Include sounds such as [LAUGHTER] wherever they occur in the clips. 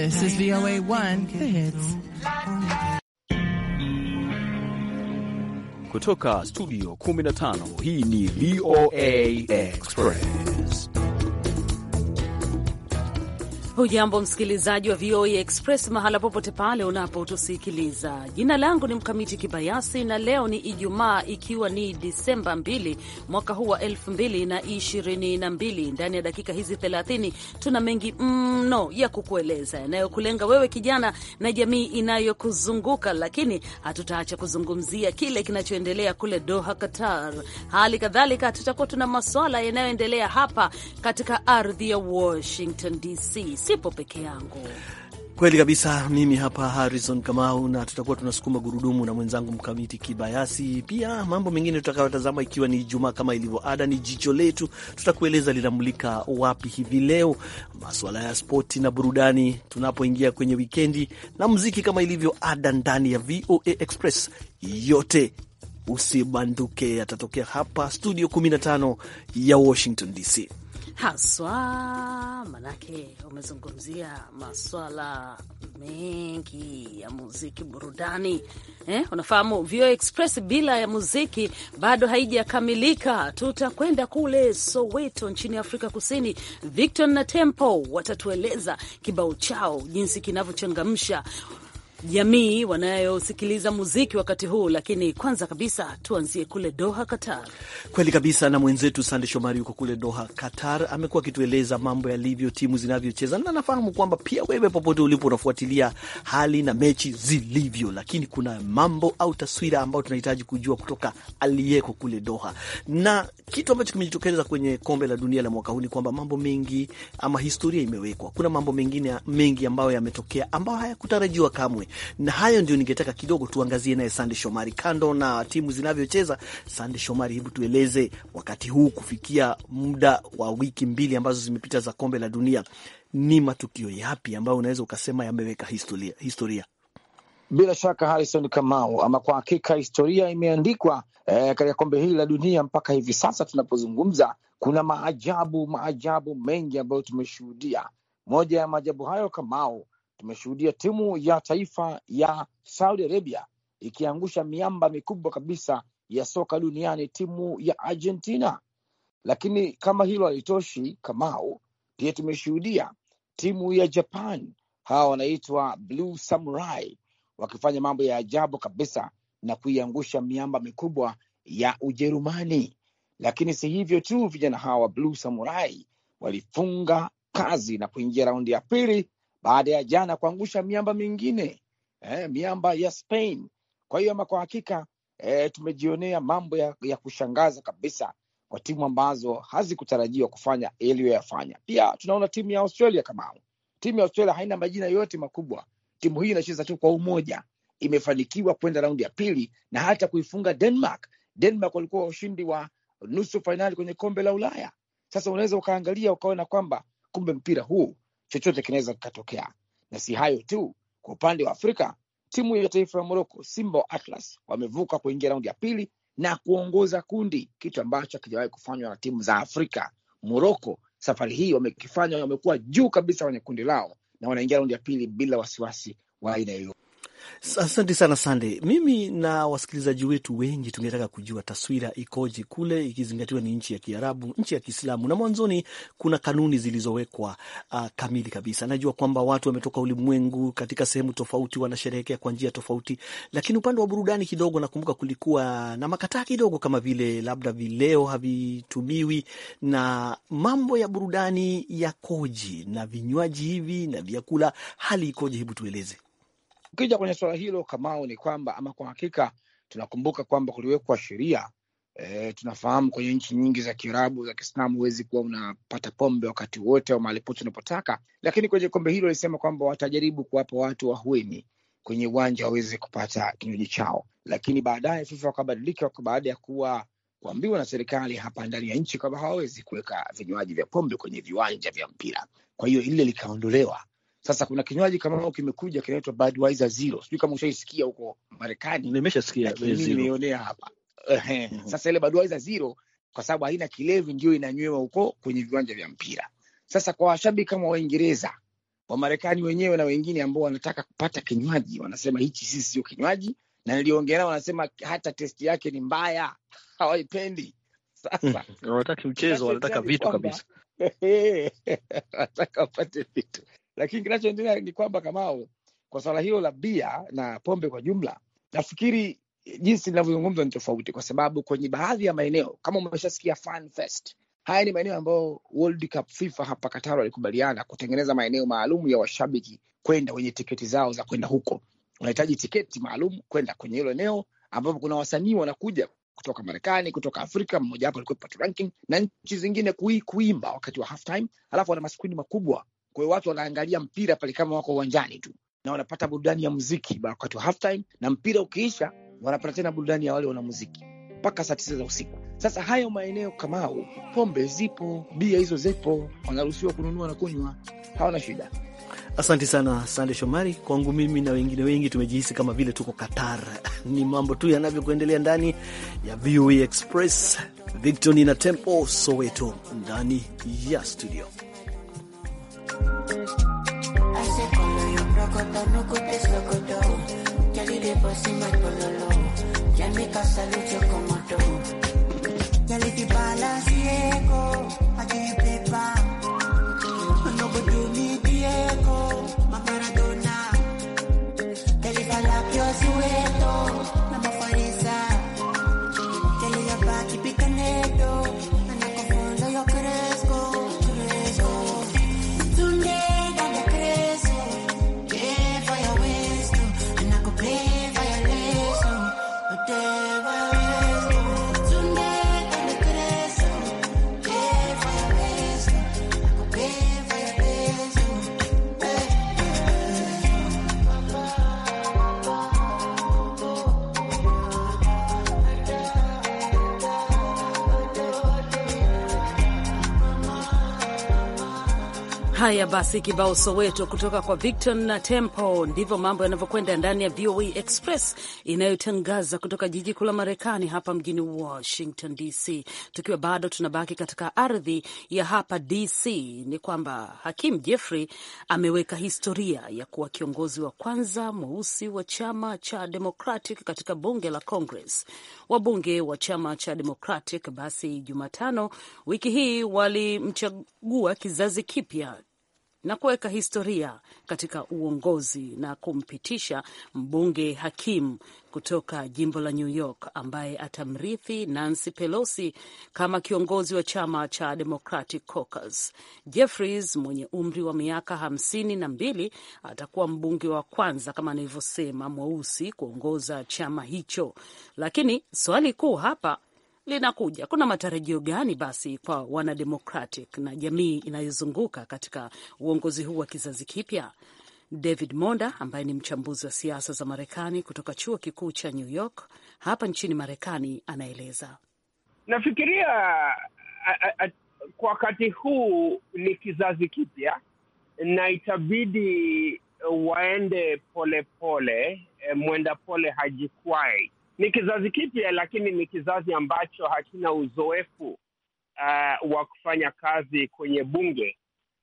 This is VOA 1, The Hits. Kutoka studio 15, hii ni VOA Express. Hujambo msikilizaji wa VOA e Express mahala popote pale unapotusikiliza. Jina langu ni Mkamiti Kibayasi na leo ni Ijumaa, ikiwa ni Disemba 2 mwaka huu wa 2022. Ndani ya dakika hizi 30 tuna mengi mno mm, ya kukueleza yanayokulenga wewe kijana na jamii inayokuzunguka, lakini hatutaacha kuzungumzia kile kinachoendelea kule Doha, Qatar. Hali kadhalika tutakuwa tuna maswala yanayoendelea hapa katika ardhi ya Washington DC sipo peke yangu. Kweli kabisa, mimi hapa Harrison Kamau, na tutakuwa tunasukuma gurudumu na mwenzangu Mkamiti Kibayasi. Pia mambo mengine tutakayotazama, ikiwa ni Ijumaa kama ilivyo ada, ni jicho letu, tutakueleza linamulika wapi hivi leo, masuala ya spoti na burudani tunapoingia kwenye wikendi, na muziki kama ilivyo ada ndani ya VOA Express. Yote usibanduke, yatatokea hapa studio 15 ya Washington DC haswa, manake umezungumzia maswala mengi ya muziki, burudani eh. Unafahamu VOA Express bila ya muziki bado haijakamilika. Tutakwenda kule Soweto nchini Afrika Kusini. Victor na Tempo watatueleza kibao chao jinsi kinavyochangamsha jamii wanayosikiliza muziki wakati huu. Lakini kwanza kabisa tuanzie kule Doha, Qatar. Kweli kabisa, na mwenzetu Sande Shomari yuko kule Doha, Qatar. Amekuwa akitueleza mambo yalivyo, timu zinavyocheza, na nafahamu kwamba pia wewe popote ulipo unafuatilia hali na mechi zilivyo, lakini kuna mambo au taswira ambayo tunahitaji kujua kutoka aliyeko kule Doha, na kitu ambacho kimejitokeza kwenye kombe la dunia la mwaka huu ni kwamba mambo mengi ama historia imewekwa. Kuna mambo mengine mengi ambayo yametokea ambayo hayakutarajiwa kamwe na hayo ndio ningetaka kidogo tuangazie naye Sande Shomari, kando na timu zinavyocheza. Sande Shomari, hebu tueleze wakati huu kufikia muda wa wiki mbili ambazo zimepita za kombe la dunia, ni matukio yapi ambayo unaweza ukasema yameweka historia, historia? Bila shaka Harison Kamau, ama kwa hakika historia imeandikwa eh, katika kombe hili la dunia mpaka hivi sasa tunapozungumza. Kuna maajabu maajabu mengi ambayo tumeshuhudia. Moja ya maajabu hayo Kamau tumeshuhudia timu ya taifa ya Saudi Arabia ikiangusha miamba mikubwa kabisa ya soka duniani, timu ya Argentina. Lakini kama hilo halitoshi, Kamau, pia tumeshuhudia timu ya Japan, hawa wanaitwa Blue Samurai, wakifanya mambo ya ajabu kabisa na kuiangusha miamba mikubwa ya Ujerumani. Lakini si hivyo tu, vijana hawa wa Blue Samurai walifunga kazi na kuingia raundi ya pili baada ya jana kuangusha miamba mingine eh, miamba ya Spain. Kwa hiyo ama kwa hakika eh, tumejionea mambo ya, ya kushangaza kabisa kwa timu ambazo hazikutarajiwa kufanya iliyoyafanya. Pia tunaona timu ya Australia kama timu ya Australia haina majina yote makubwa. Timu hii inacheza tu kwa umoja, imefanikiwa kwenda raundi ya pili na hata kuifunga Denmark. Denmark walikuwa washindi wa nusu fainali kwenye kombe la Ulaya. Sasa unaweza ukaangalia ukaona kwamba kumbe mpira huu chochote kinaweza kikatokea. Na si hayo tu, kwa upande wa Afrika timu ya taifa ya Moroko, Simba wa Atlas, wamevuka kuingia raundi ya pili na kuongoza kundi, kitu ambacho hakijawahi kufanywa na timu za Afrika. Moroko safari hii wamekifanya, wamekuwa juu kabisa kwenye kundi lao na wanaingia raundi ya pili bila wasiwasi wa aina yoyote. Asante sana Sande. Mimi na wasikilizaji wetu wengi tungetaka kujua taswira ikoje kule, ikizingatiwa ni nchi ya Kiarabu, nchi ya Kiislamu, na mwanzoni kuna kanuni zilizowekwa uh, kamili kabisa. Najua kwamba watu wametoka ulimwengu katika sehemu tofauti, wanasherehekea kwa njia tofauti, lakini upande wa burudani kidogo, nakumbuka kulikuwa na makataa kidogo, kama vile labda vileo havitumiwi na mambo ya burudani yakoje, na vinywaji hivi na vyakula, hali ikoje? Hebu tueleze. Ukija kwenye suala hilo Kamao, ni kwamba ama kwa hakika tunakumbuka kwamba kuliwekwa sheria e, tunafahamu kwenye nchi nyingi za Kiarabu za Kiislamu huwezi kuwa unapata pombe wakati wote au mahali pote unapotaka, lakini kwenye kombe hilo walisema kwamba watajaribu kuwapa watu wahueni kwenye uwanja waweze kupata kinywaji chao, lakini baadaye FIFA wakabadilika baada ya kuwa kuambiwa na serikali hapa ndani ya nchi kwamba hawawezi kuweka vinywaji vya pombe kwenye viwanja vya mpira. Kwa hiyo ile likaondolewa sasa kuna kinywaji kama kimekuja kinaitwa Budweiser Zero, sijui kama ushaisikia huko Marekani. Nimeshasikia nimeonea hapa mhm. sasa ile Budweiser Zero kwa sababu haina kilevi, ndio inanywewa huko kwenye viwanja vya mpira. Sasa kwa washabiki kama Waingereza, Wamarekani wenyewe na wengine ambao wanataka kupata kinywaji, wanasema hichi sisi sio kinywaji, na niliongea nao, wanasema hata testi yake ni mbaya, [LAUGHS] hawaipendi. Sasa [LAUGHS] wanataka mchezo, wanataka vitu kabisa, [LAUGHS] wanataka wapate vitu. Lakini kinachoendelea ni kwamba Kamau, kwa swala hilo la bia na pombe kwa jumla, nafikiri jinsi linavyozungumzwa ni tofauti, kwa sababu kwenye baadhi ya maeneo kama umeshasikia fan fest, haya ni maeneo ambayo World Cup FIFA hapa Qatar walikubaliana kutengeneza maeneo maalum ya washabiki kwenda wenye tiketi zao za kwenda huko. Unahitaji tiketi maalum kwenda kwenye hilo eneo ambapo kuna wasanii wanakuja kutoka Marekani, kutoka Afrika. Mmoja wapo alikuwa ranking na nchi zingine kui, kuimba wakati wa halftime, alafu wana maskrini makubwa kwa hiyo watu wanaangalia mpira pale kama wako uwanjani tu, na wanapata burudani ya muziki wakati wa halftime, na mpira ukiisha, wanapata tena burudani ya wale wana muziki mpaka saa tisa za usiku. Sasa hayo maeneo Kamau, pombe zipo, bia hizo zipo, wanaruhusiwa kununua na kunywa, hawana shida. Asante sana Sande Shomari. Kwangu mimi na wengine wengi tumejihisi kama vile tuko Qatar. [LAUGHS] Ni mambo tu yanavyokuendelea ndani ya VOA e Express. Victor na Tempo Soweto ndani ya studio. encima por dolor Ya en mi casa lucho como tú. Ya le di balas ciego, a allí Haya basi, kibao Soweto kutoka kwa Victor na Tempo. Ndivyo mambo yanavyokwenda ndani ya VOA Express inayotangaza kutoka jiji kuu la Marekani, hapa mjini Washington DC. Tukiwa bado tunabaki katika ardhi ya hapa DC, ni kwamba Hakim Jeffrey ameweka historia ya kuwa kiongozi wa kwanza mweusi wa chama cha Democratic katika bunge la Congress. Wabunge wa chama cha Democratic basi Jumatano wiki hii walimchagua kizazi kipya na kuweka historia katika uongozi na kumpitisha mbunge Hakim kutoka jimbo la New York ambaye atamrithi Nancy Pelosi kama kiongozi wa chama cha Democratic Caucus. Jeffries mwenye umri wa miaka hamsini na mbili atakuwa mbunge wa kwanza kama nilivyosema, mweusi kuongoza chama hicho, lakini swali kuu hapa linakuja, kuna matarajio gani basi kwa wanademocratic na jamii inayozunguka katika uongozi huu wa kizazi kipya? David Monda ambaye ni mchambuzi wa siasa za Marekani kutoka chuo kikuu cha New York hapa nchini Marekani anaeleza. Nafikiria kwa wakati huu ni kizazi kipya na itabidi waende polepole pole, eh, mwenda pole hajikwai ni kizazi kipya, lakini ni kizazi ambacho hakina uzoefu uh, wa kufanya kazi kwenye bunge.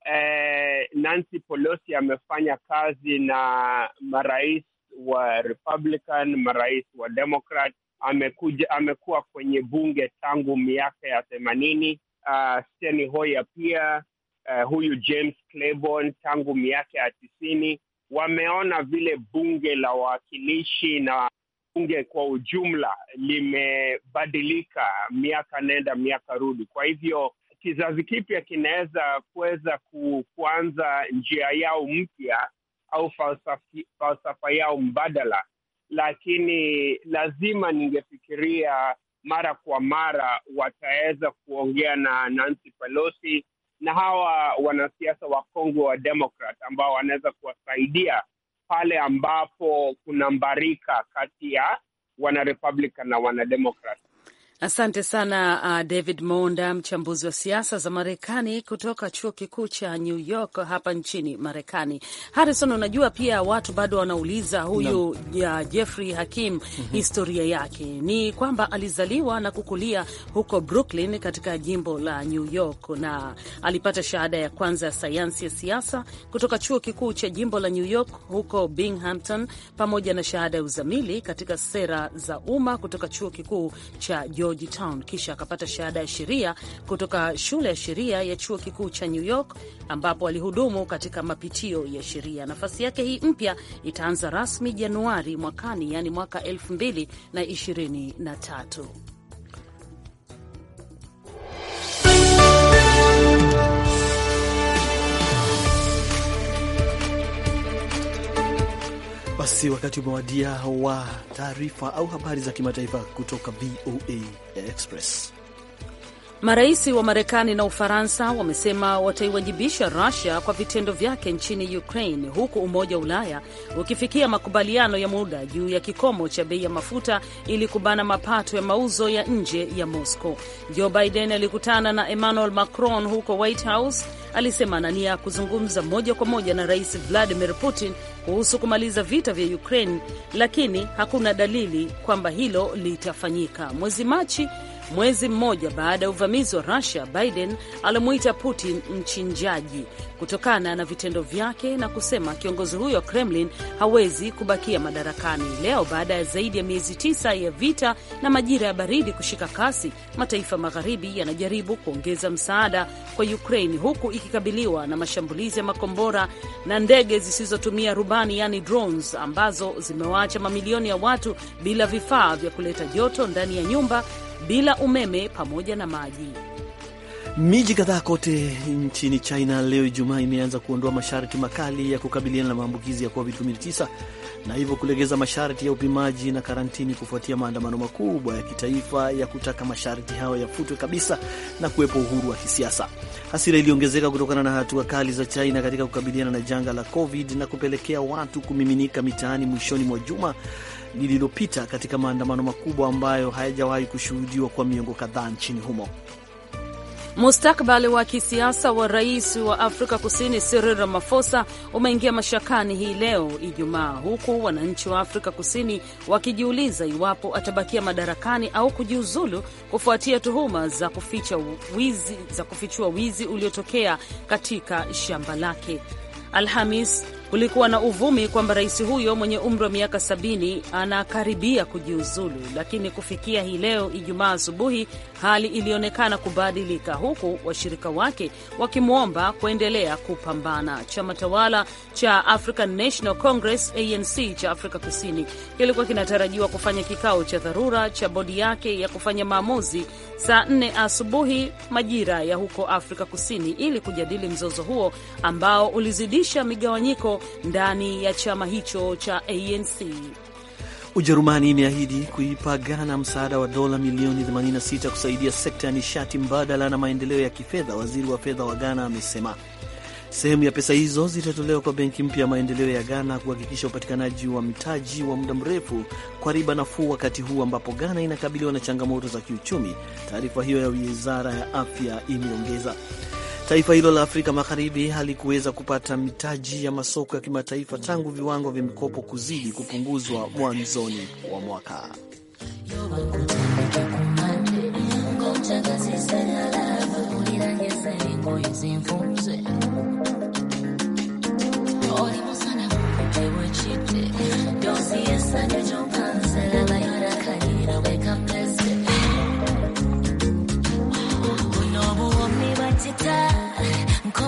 Uh, Nancy Pelosi amefanya kazi na marais wa Republican, marais wa Democrat. Amekuja, amekuwa kwenye bunge tangu miaka ya themanini. Uh, Steny Hoyer pia uh, huyu James Claiborne tangu miaka ya tisini. Wameona vile bunge la wawakilishi na bunge kwa ujumla limebadilika miaka nenda miaka rudi. Kwa hivyo kizazi kipya kinaweza kuweza ku, kuanza njia yao mpya au falsafi, falsafa yao mbadala, lakini lazima ningefikiria mara kwa mara wataweza kuongea na Nancy Pelosi na hawa wanasiasa wakongwe wa demokrat ambao wanaweza kuwasaidia pale ambapo kuna mbarika kati ya wanarepublican na wanademokrat. Asante sana uh, David Monda, mchambuzi wa siasa za Marekani kutoka chuo kikuu cha New York hapa nchini Marekani. Harrison, unajua pia watu bado wanauliza huyu no. ya Jeffrey Hakim mm -hmm. historia yake ni kwamba alizaliwa na kukulia huko Brooklyn katika jimbo la New York, na alipata shahada ya kwanza ya sayansi ya siasa kutoka chuo kikuu cha jimbo la New York huko Binghamton, pamoja na shahada ya uzamili katika sera za umma kutoka chuo kikuu cha Georgia George Town, kisha akapata shahada ya sheria kutoka shule ya sheria ya chuo kikuu cha New York, ambapo alihudumu katika mapitio ya sheria. Nafasi yake hii mpya itaanza rasmi Januari mwakani, yani mwaka 2023. Basi wakati umewadia wa taarifa au habari za kimataifa kutoka VOA Express. Marais wa Marekani na Ufaransa wamesema wataiwajibisha Rusia kwa vitendo vyake nchini Ukraine, huku Umoja wa Ulaya ukifikia makubaliano ya muda juu ya kikomo cha bei ya mafuta ili kubana mapato ya mauzo ya nje ya Moscow. Joe Biden alikutana na Emmanuel Macron huko White House, alisema ana nia ya kuzungumza moja kwa moja na Rais Vladimir Putin kuhusu kumaliza vita vya Ukraine, lakini hakuna dalili kwamba hilo litafanyika. Mwezi Machi mwezi mmoja baada ya uvamizi wa Rusia. Biden alimuita Putin mchinjaji kutokana na vitendo vyake na kusema kiongozi huyo wa Kremlin hawezi kubakia madarakani. Leo baada ya zaidi ya miezi tisa ya vita na majira ya baridi kushika kasi, mataifa magharibi yanajaribu kuongeza msaada kwa Ukraine huku ikikabiliwa na mashambulizi ya makombora na ndege zisizotumia rubani, yani drones, ambazo zimewaacha mamilioni ya watu bila vifaa vya kuleta joto ndani ya nyumba bila umeme pamoja na maji. Miji kadhaa kote nchini China leo Ijumaa imeanza kuondoa masharti makali ya kukabiliana na maambukizi ya COVID-19 na hivyo kulegeza masharti ya upimaji na karantini kufuatia maandamano makubwa ya kitaifa ya kutaka masharti hayo yafutwe kabisa na kuwepo uhuru wa kisiasa. Hasira iliongezeka kutokana na hatua kali za China katika kukabiliana na janga la COVID na kupelekea watu kumiminika mitaani mwishoni mwa juma lililopita katika maandamano makubwa ambayo hayajawahi kushuhudiwa kwa miongo kadhaa nchini humo. Mustakbali wa kisiasa wa rais wa Afrika Kusini Cyril Ramaphosa umeingia mashakani hii leo Ijumaa, huku wananchi wa Afrika Kusini wakijiuliza iwapo atabakia madarakani au kujiuzulu kufuatia tuhuma za kuficha wizi, za kufichua wizi uliotokea katika shamba lake Alhamis Kulikuwa na uvumi kwamba rais huyo mwenye umri wa miaka sabini anakaribia kujiuzulu, lakini kufikia hii leo Ijumaa asubuhi hali ilionekana kubadilika, huku washirika wake wakimwomba kuendelea kupambana. Chama tawala cha African National Congress ANC cha Afrika Kusini kilikuwa kinatarajiwa kufanya kikao cha dharura cha bodi yake ya kufanya maamuzi saa nne asubuhi majira ya huko Afrika Kusini ili kujadili mzozo huo ambao ulizidisha migawanyiko ndani ya chama hicho cha ANC. Ujerumani imeahidi kuipa Ghana msaada wa dola milioni 86 kusaidia sekta ya nishati mbadala na maendeleo ya kifedha. Waziri wa fedha wa Ghana amesema sehemu ya pesa hizo zitatolewa kwa benki mpya ya maendeleo ya Ghana kuhakikisha upatikanaji wa mtaji wa muda mrefu kwa riba nafuu, wakati huu ambapo Ghana inakabiliwa na changamoto za kiuchumi. Taarifa hiyo ya wizara ya afya imeongeza Taifa hilo la Afrika Magharibi halikuweza kupata mitaji ya masoko ya kimataifa tangu viwango vya mikopo kuzidi kupunguzwa mwanzoni wa mwaka.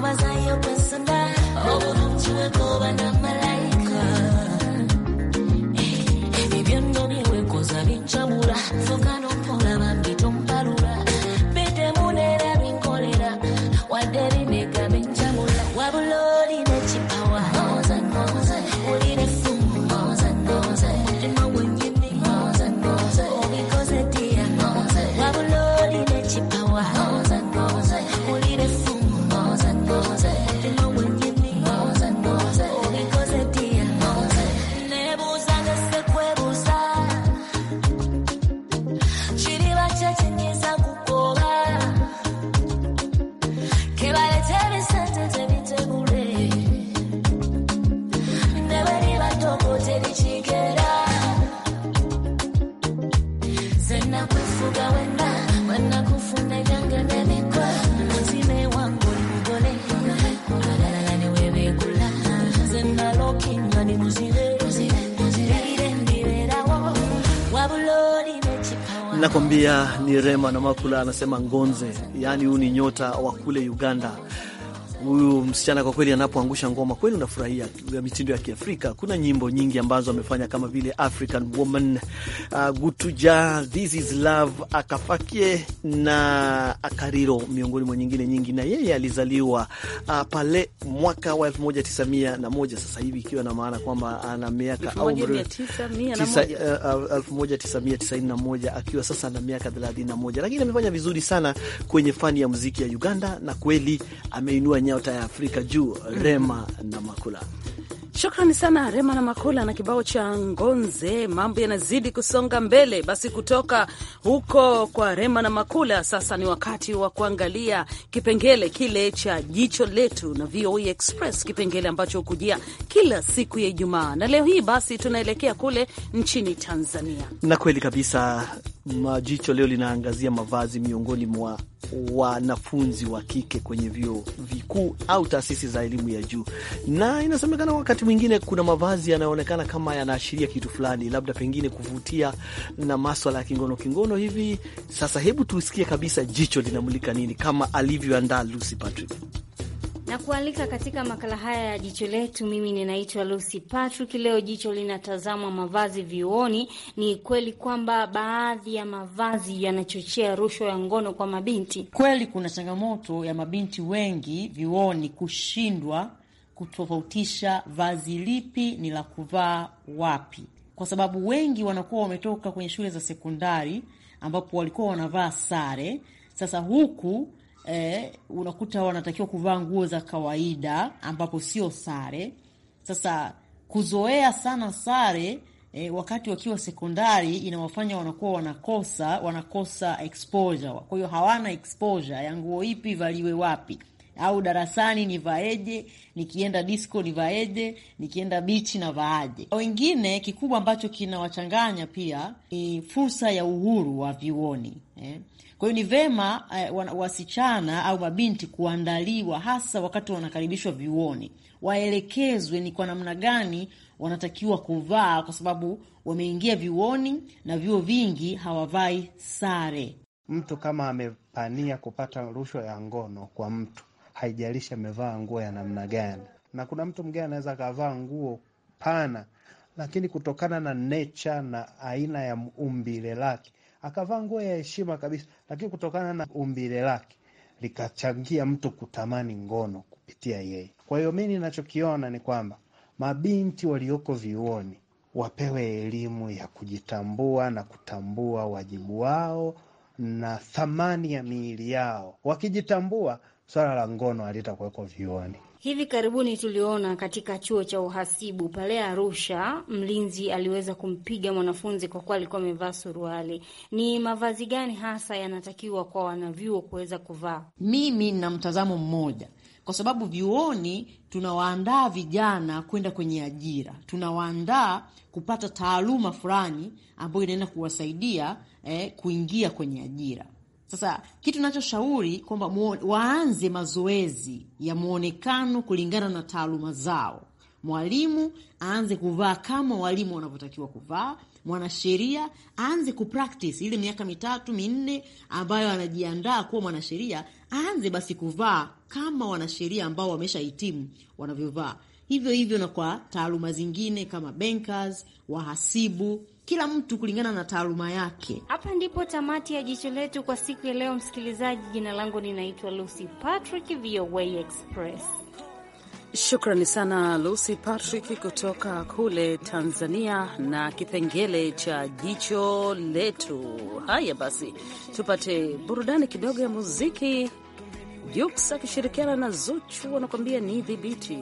maza za kun suna, ko na Nakwambia ni Rema na Makula anasema Ngonze, yaani huu ni nyota wa kule Uganda huyu msichana kwa kweli anapoangusha ngoma kweli unafurahia ya mitindo ya Kiafrika. Kuna nyimbo nyingi ambazo amefanya kama vile African Woman, uh, Gutuja, This is Love, Akafakie na Akariro, miongoni mwa nyingine nyingi. Na yeye alizaliwa uh, pale mwaka wa elfu moja tisa mia na moja sasa hivi, ikiwa na maana kwamba ana miaka 1991 uh, uh, akiwa sasa na miaka thelathini na moja lakini amefanya vizuri sana kwenye fani ya muziki ya Uganda na kweli ameinua nyota ya Afrika juu Rema na Makula. Shukrani sana Rema na Makula na kibao cha Ngonze. Mambo yanazidi kusonga mbele. Basi kutoka huko kwa Rema na Makula, sasa ni wakati wa kuangalia kipengele kile cha jicho letu na VOA e Express, kipengele ambacho hukujia kila siku ya Ijumaa, na leo hii basi tunaelekea kule nchini Tanzania. Na kweli kabisa Majicho leo linaangazia mavazi miongoni mwa wanafunzi wa kike kwenye vyuo vikuu au taasisi za elimu ya juu, na inasemekana wakati mwingine kuna mavazi yanayoonekana kama yanaashiria kitu fulani, labda pengine kuvutia na maswala ya kingono kingono hivi. Sasa hebu tusikie kabisa jicho linamulika nini, kama alivyoandaa Lucy Patrick na kualika katika makala haya ya jicho letu. Mimi ninaitwa Lucy Patrick. Leo jicho linatazama mavazi vyuoni. Ni kweli kwamba baadhi ya mavazi yanachochea rushwa ya ngono kwa mabinti? Kweli kuna changamoto ya mabinti wengi vyuoni kushindwa kutofautisha vazi lipi ni la kuvaa wapi, kwa sababu wengi wanakuwa wametoka kwenye shule za sekondari ambapo walikuwa wanavaa sare. Sasa huku eh, unakuta wanatakiwa kuvaa nguo za kawaida ambapo sio sare. Sasa kuzoea sana sare E, wakati wakiwa sekondari inawafanya wanakuwa wanakosa wanakosa exposure, kwa hiyo hawana exposure ya nguo ipi valiwe wapi au darasani nivaeje, nikienda disco nivaeje, nikienda bichi navaaje. Wengine kikubwa ambacho kinawachanganya pia ni fursa ya uhuru wa vyuoni eh. Kwa hiyo ni vema eh, wasichana au mabinti kuandaliwa, hasa wakati wanakaribishwa vyuoni, waelekezwe ni kwa namna gani wanatakiwa kuvaa, kwa sababu wameingia vyuoni na vyuo vingi hawavai sare. Mtu kama amepania kupata rushwa ya ngono kwa mtu haijalishi amevaa nguo ya namna gani. Na kuna mtu mgine anaweza akavaa nguo pana, lakini kutokana na nature na aina ya umbile lake akavaa nguo ya heshima kabisa, lakini kutokana na umbile lake likachangia mtu kutamani ngono kupitia yeye. Kwa hiyo mi ninachokiona ni kwamba mabinti walioko vyuoni wapewe elimu ya kujitambua na kutambua wajibu wao na thamani ya miili yao. Wakijitambua swala la ngono halitakuweko vyuoni. Hivi karibuni tuliona katika chuo cha uhasibu pale Arusha, mlinzi aliweza kumpiga mwanafunzi kwa kuwa alikuwa amevaa suruali. Ni mavazi gani hasa yanatakiwa kwa wanavyuo kuweza kuvaa? Mimi nina mtazamo mmoja, kwa sababu vyuoni tunawaandaa vijana kwenda kwenye ajira, tunawaandaa kupata taaluma fulani ambayo inaenda kuwasaidia eh, kuingia kwenye ajira sasa kitu nachoshauri kwamba waanze mazoezi ya mwonekano kulingana na taaluma zao. Mwalimu aanze kuvaa kama walimu wanavyotakiwa kuvaa. Mwanasheria aanze kupractice ile miaka mitatu minne ambayo anajiandaa kuwa mwanasheria, aanze basi kuvaa kama wanasheria ambao wameshahitimu wanavyovaa. Hivyo hivyo na kwa taaluma zingine kama bankers, wahasibu kila mtu kulingana na taaluma yake. Hapa ndipo tamati ya jicho letu kwa siku ya leo, msikilizaji. Jina langu ninaitwa Lucy Patrick, VOA Express. Shukrani sana Lucy Patrick kutoka kule Tanzania na kipengele cha jicho letu. Haya basi, tupate burudani kidogo ya muziki. Jux akishirikiana na Zuchu wanakuambia ni dhibiti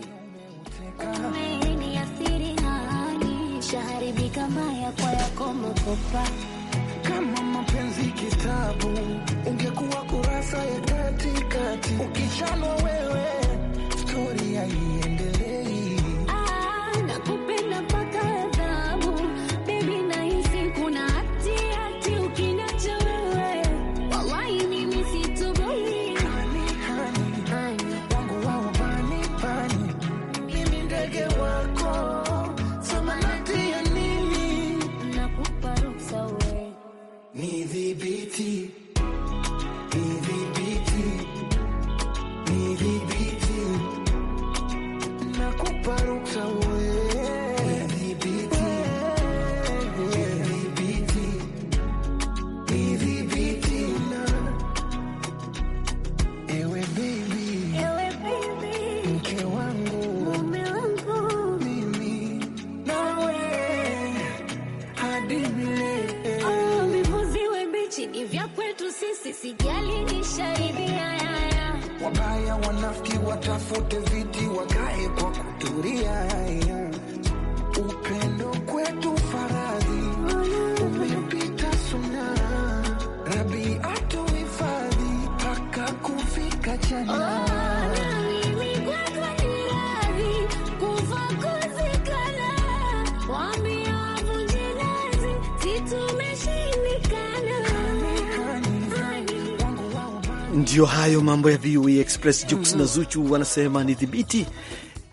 mabaya kwa yako makopa. Kama mapenzi kitabu, ungekuwa kurasa ya katikati, ukichanwa wewe Wabaya wanafiki watafute viti wakae kwa kuturia. Upendo kwetu faradhi umepita suna, Rabi atuhifadhi mpaka kufika jana. ndio hayo mambo ya VOA e Express. Juks mm. na Zuchu wanasema ni dhibiti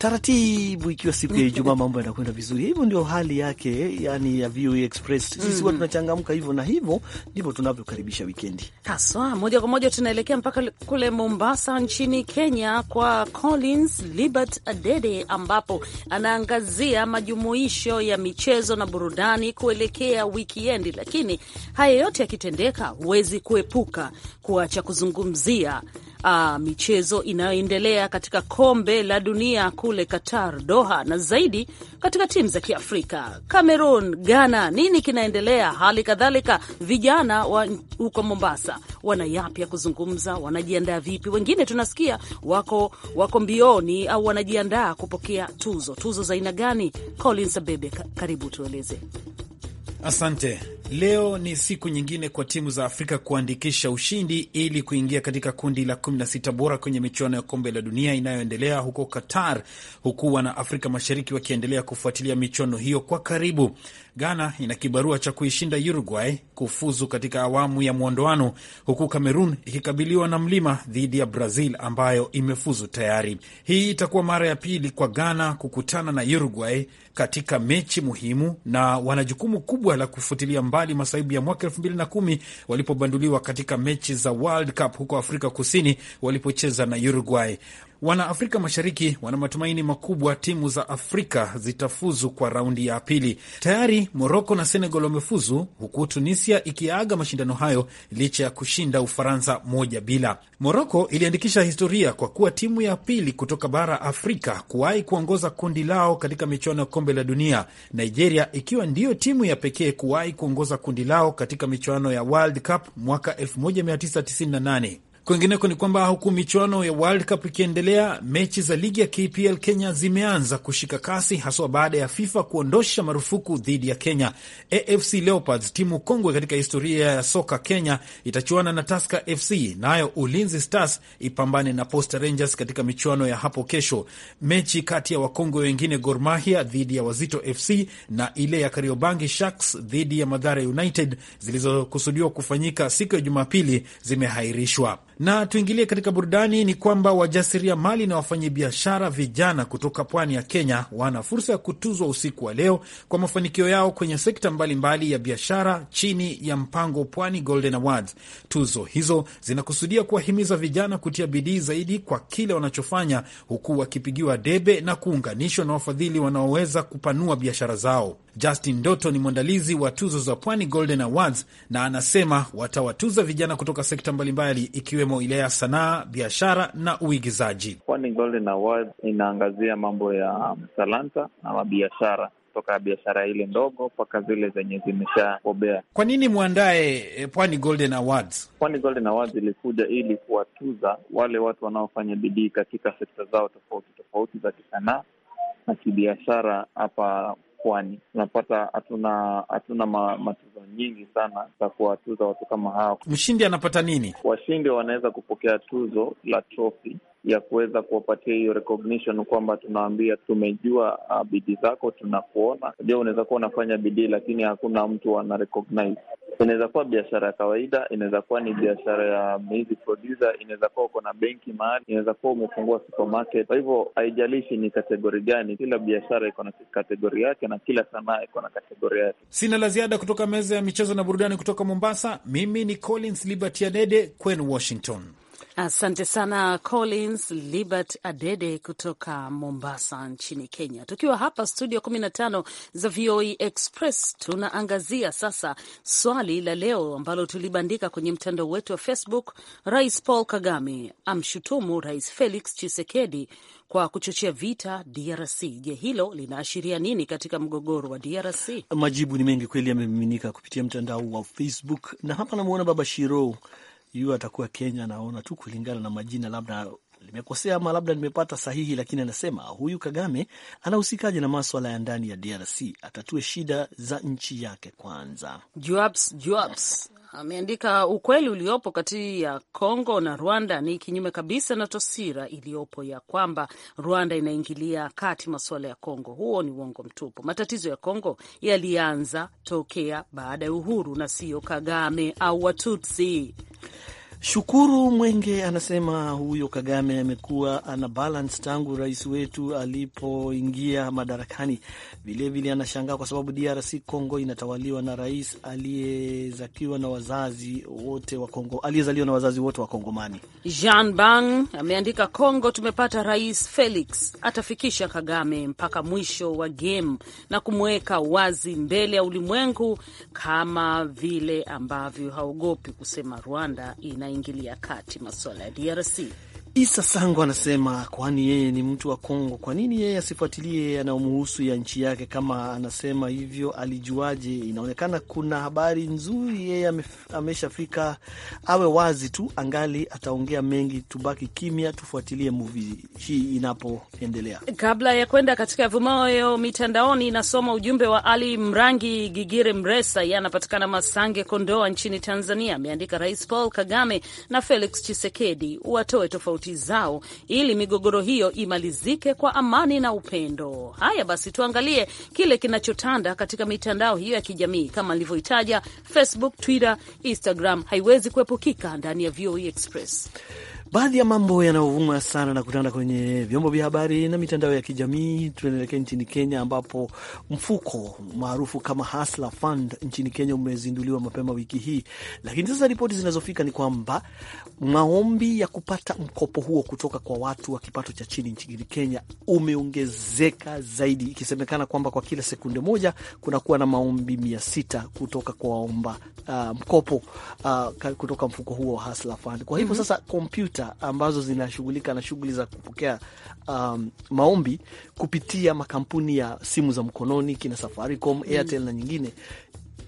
taratibu, ikiwa siku ya Ijumaa mambo yanakwenda vizuri. Hivyo ndio hali yake, yani ya VOA e Express sisi mm, huwa mm-hmm. tunachangamka hivyo, na hivyo ndivyo tunavyokaribisha wikendi haswa. Moja kwa moja tunaelekea mpaka kule Mombasa nchini Kenya kwa Collins Libert Adede, ambapo anaangazia majumuisho ya michezo na burudani kuelekea wikiendi. Lakini haya yote yakitendeka, huwezi kuepuka kuacha kuzungumzia uh, michezo inayoendelea katika kombe la dunia kule Qatar, Doha, na zaidi katika timu za Kiafrika, Cameroon, Ghana, nini kinaendelea? Hali kadhalika vijana wa huko Mombasa wana yapi ya kuzungumza? Wanajiandaa vipi? Wengine tunasikia wako, wako mbioni au wanajiandaa kupokea tuzo. Tuzo za aina gani? Collins Abebe, karibu tueleze. Asante. Leo ni siku nyingine kwa timu za Afrika kuandikisha ushindi ili kuingia katika kundi la 16 bora kwenye michuano ya kombe la dunia inayoendelea huko Qatar, huku wana Afrika Mashariki wakiendelea kufuatilia michuano hiyo kwa karibu. Ghana ina kibarua cha kuishinda Uruguay kufuzu katika awamu ya mwondoano, huku Cameroon ikikabiliwa na mlima dhidi ya Brazil ambayo imefuzu tayari. Hii itakuwa mara ya pili kwa Ghana kukutana na Uruguay katika mechi muhimu, na wana jukumu kubwa la kufutilia mbali masaibu ya mwaka elfu mbili na kumi walipobanduliwa katika mechi za World Cup huko Afrika Kusini walipocheza na Uruguay. Wanaafrika Mashariki wana matumaini makubwa timu za Afrika zitafuzu kwa raundi ya pili. Tayari Moroko na Senegal wamefuzu, huku Tunisia ikiaga mashindano hayo licha ya kushinda Ufaransa moja bila. Moroko iliandikisha historia kwa kuwa timu ya pili kutoka bara Afrika kuwahi kuongoza kundi lao katika michuano ya kombe la dunia, Nigeria ikiwa ndiyo timu ya pekee kuwahi kuongoza kundi lao katika michuano ya World Cup mwaka 1998. Kwingineko ni kwamba huku michuano ya World Cup ikiendelea, mechi za ligi ya KPL Kenya zimeanza kushika kasi, haswa baada ya FIFA kuondosha marufuku dhidi ya Kenya. AFC Leopards, timu kongwe katika historia ya soka Kenya, itachuana na Tusker FC, nayo Ulinzi Stars ipambane na Posta Rangers katika michuano ya hapo kesho. Mechi kati ya wakongwe wengine, Gor Mahia dhidi ya Wazito FC na ile ya Kariobangi Sharks dhidi ya Madhara United zilizokusudiwa kufanyika siku ya Jumapili zimehairishwa. Na tuingilie katika burudani, ni kwamba wajasiriamali na wafanyabiashara vijana kutoka pwani ya Kenya wana fursa ya kutuzwa usiku wa leo kwa mafanikio yao kwenye sekta mbalimbali mbali ya biashara chini ya mpango Pwani Golden Awards. Tuzo hizo zinakusudia kuwahimiza vijana kutia bidii zaidi kwa kile wanachofanya, huku wakipigiwa debe na kuunganishwa na wafadhili wanaoweza kupanua biashara zao. Justin Doto ni mwandalizi wa tuzo za Pwani Golden Awards na anasema watawatuza vijana kutoka sekta mbalimbali ikiwemo ile ya sanaa, biashara na uigizaji. Pwani Golden Awards inaangazia mambo ya um, talanta na mabiashara toka biashara ile ndogo mpaka zile zenye zimeshabobea. Kwa nini mwandae eh, Pwani Golden Awards? Pwani Golden Awards ilikuja ili kuwatuza wale watu wanaofanya bidii katika sekta zao tofauti tofauti za kisanaa na kibiashara hapa pwani. unapata hatuna hatuna ma, matuzo nyingi sana za kuwatuza watu kama hawa. Mshindi anapata nini? Washindi wanaweza kupokea tuzo la trofi ya kuweza kuwapatia hiyo recognition kwamba tunaambia tumejua ah, bidii zako, tunakuona. Unajua, unaweza kuwa unafanya bidii lakini hakuna mtu ana recognize. Inaweza kuwa biashara ya kawaida, inaweza kuwa ni biashara ya music producer, inaweza kuwa uko na benki mahali, inaweza kuwa umefungua supermarket. Kwa hivyo haijalishi ni kategori gani, kila biashara iko na kategori yake na kila sanaa iko na kategori yake. Sina la ziada kutoka meza ya michezo na burudani kutoka Mombasa. Mimi ni Collins Liberty Adede kwenu Washington. Asante sana Collins Libert Adede kutoka Mombasa nchini Kenya. Tukiwa hapa studio 15 za VOA e Express, tunaangazia sasa swali la leo ambalo tulibandika kwenye mtandao wetu wa Facebook. Rais Paul Kagame amshutumu Rais Felix Tshisekedi kwa kuchochea vita DRC. Je, hilo linaashiria nini katika mgogoro wa DRC? Majibu ni mengi kweli, yamemiminika kupitia mtandao wa Facebook, na hapa namwona Baba Shiro yu atakuwa Kenya, naona tu kulingana na majina, labda limekosea ama labda nimepata sahihi, lakini anasema huyu Kagame anahusikaje na maswala ya ndani ya DRC? Atatue shida za nchi yake kwanza. Jobs, Jobs ameandika ukweli uliopo kati ya Kongo na Rwanda ni kinyume kabisa na taswira iliyopo ya kwamba Rwanda inaingilia kati masuala ya Kongo. Huo ni uongo mtupu. Matatizo ya Kongo yalianza tokea baada ya uhuru na siyo Kagame au Watutsi. Shukuru Mwenge anasema huyo Kagame amekuwa ana balance tangu rais wetu alipoingia madarakani. Vilevile anashangaa kwa sababu DRC Congo inatawaliwa na rais aliyezakiwa na wazazi wote wa Kongo, aliyezaliwa na wazazi wote wa Kongomani. Jean bang ameandika, Kongo tumepata rais Felix, atafikisha Kagame mpaka mwisho wa game na kumweka wazi mbele ya ulimwengu, kama vile ambavyo haogopi kusema Rwanda ina anaingilia kati masuala ya DRC. Isa Sango anasema kwani yeye ni mtu wa Kongo, kwa nini yeye asifuatilie anayomuhusu ya nchi yake? Kama anasema hivyo, alijuaje? Inaonekana kuna habari nzuri, yeye ameshafika, awe wazi tu, angali ataongea mengi. Tubaki kimya, tufuatilie muvi hii inapoendelea. Kabla ya kwenda katika vumayo mitandaoni, inasoma ujumbe wa Ali Mrangi Gigire Mresa, yeye anapatikana Masange, Kondoa nchini Tanzania. Ameandika Rais Paul Kagame na Felix Chisekedi watoe tofauti tofauti zao ili migogoro hiyo imalizike kwa amani na upendo. Haya basi, tuangalie kile kinachotanda katika mitandao hiyo ya kijamii kama nilivyoitaja, Facebook, Twitter, Instagram, haiwezi kuepukika ndani ya VOA e Express. Baadhi ya mambo yanayovuma sana na kutanda kwenye vyombo vya habari na mitandao ya kijamii. Tunaelekea nchini Kenya, ambapo mfuko maarufu kama Hasla Fund nchini Kenya umezinduliwa mapema wiki hii, lakini sasa ripoti zinazofika ni kwamba maombi ya kupata mkopo huo kutoka kwa watu wa kipato cha chini nchini Kenya umeongezeka zaidi, ikisemekana kwamba kwa kila sekunde moja kunakuwa na maombi mia sita kutoka kwa waomba uh, mkopo uh, kutoka mfuko huo wa Hustler Fund. Kwa hivyo mm -hmm. Sasa kompyuta ambazo zinashughulika na shughuli za kupokea um, maombi kupitia makampuni ya simu za mkononi kina Safaricom, mm. Airtel mm -hmm. na nyingine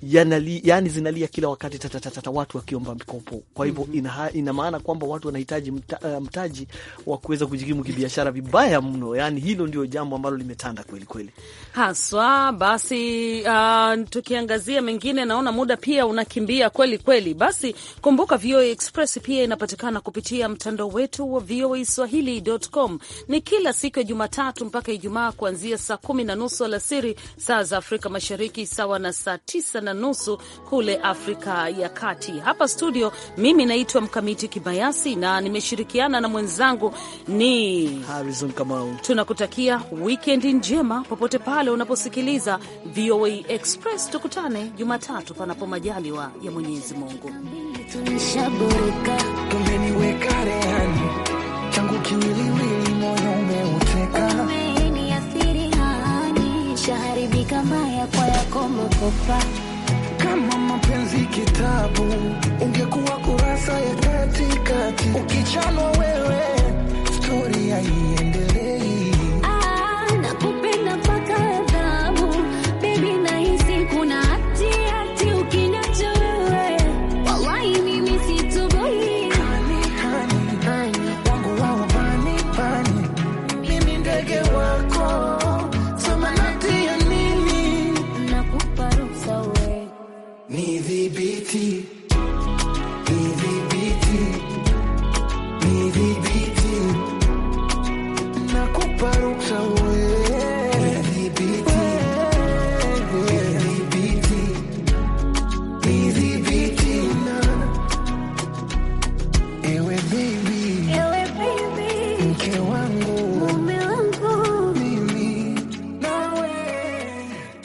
yanali, yani zinalia kila wakati tatatatata watu wakiomba mikopo. Kwa hivyo mm -hmm. ina maana kwamba watu wanahitaji mta, uh, mtaji wa kuweza kujikimu kibiashara vibaya mno. Yani hilo ndio jambo ambalo limetanda kweli kweli haswa. Basi uh, tukiangazia mengine, naona muda pia unakimbia kweli kweli. Basi kumbuka VOA Express pia inapatikana kupitia mtandao wetu wa VOA Swahili.com. Ni kila siku ya Jumatatu mpaka Ijumaa kuanzia saa kumi na nusu alasiri saa za Afrika Mashariki, sawa na saa tisa na nusu kule Afrika ya Kati. Hapa studio, mimi naitwa Mkamiti Kibayasi na nimeshirikiana na mwenzangu ni Harrison Kamau. Tunakutakia wikendi njema popote pale unaposikiliza VOA Express. Tukutane Jumatatu panapo majaliwa ya Mwenyezi Mungu. Umeniweka rehani changu kiwiliwili, moyo umeuteka, umeniathiri hani shaharibika, maya kwa yako makopa kama mapenzi kitabu, ungekuwa kurasa ya katikati, ukichanwa wewe, stori iendelei